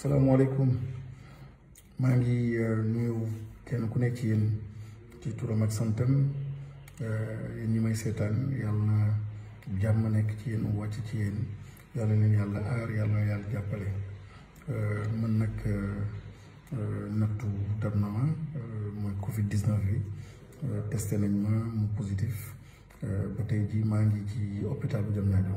salaamaaleykum maa ngi euh, nuyu kenn ku nekk ci yéen ci turam ak santam euh, yéen ñi may seetaan yàlla jàmm nekk ci yéen wàcc ci yéen yàlla leen yàlla aar yàlla yàlla jàppale euh, man nag nattu dab na ma mooy Covid 19 bi testé nañ ma mu positif ba tey ji maa ngi ci hôpital bu Diamniadio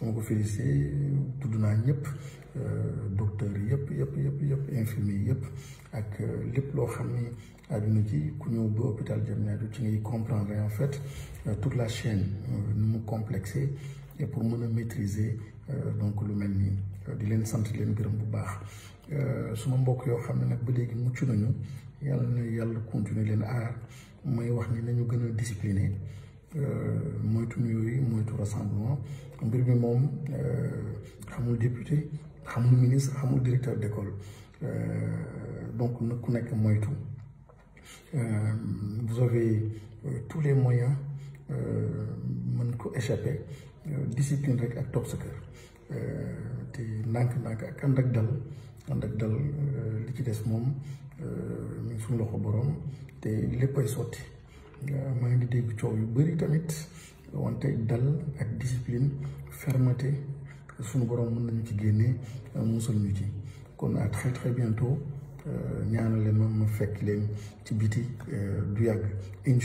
su ma ko félicité tudd naa ñëpp euh, docteurs yëpp yëpp yëpp yëpp infirmiers yëpp ak euh, lépp loo xam ni àdduna ci ku ñëw ba hôpital Diamniadio ci ngay comprendre en fait euh, toute la chaîne nu mu complexé et pour mën a maîtriser donc lu mel nii di leen sant di leen gërëm bu baax suma mbokk yoo xam ne nag ba léegi mucc nañu yàlla na yàlla continuer leen aar may wax ni nañu gën a discipliné moytu nuyoo yi moytu rassemblement mbir bi moom euh, xamul député xamul ministre xamul directeur d'école euh, donc nag ku nekk euh vous avez euh, tous les moyens mën ko échapper discipline rek ak top sa euh té nank nank, ak ànd dal ànd dal li ci dess mom euh ngi suñu loxo borom te léppay sotti maa ngi dégg coow yu bari tamit on dal discipline fermeté suñu borom mën ci euh, très très bientôt euh, ñaanal leen ma fekk leen ci biti euh, du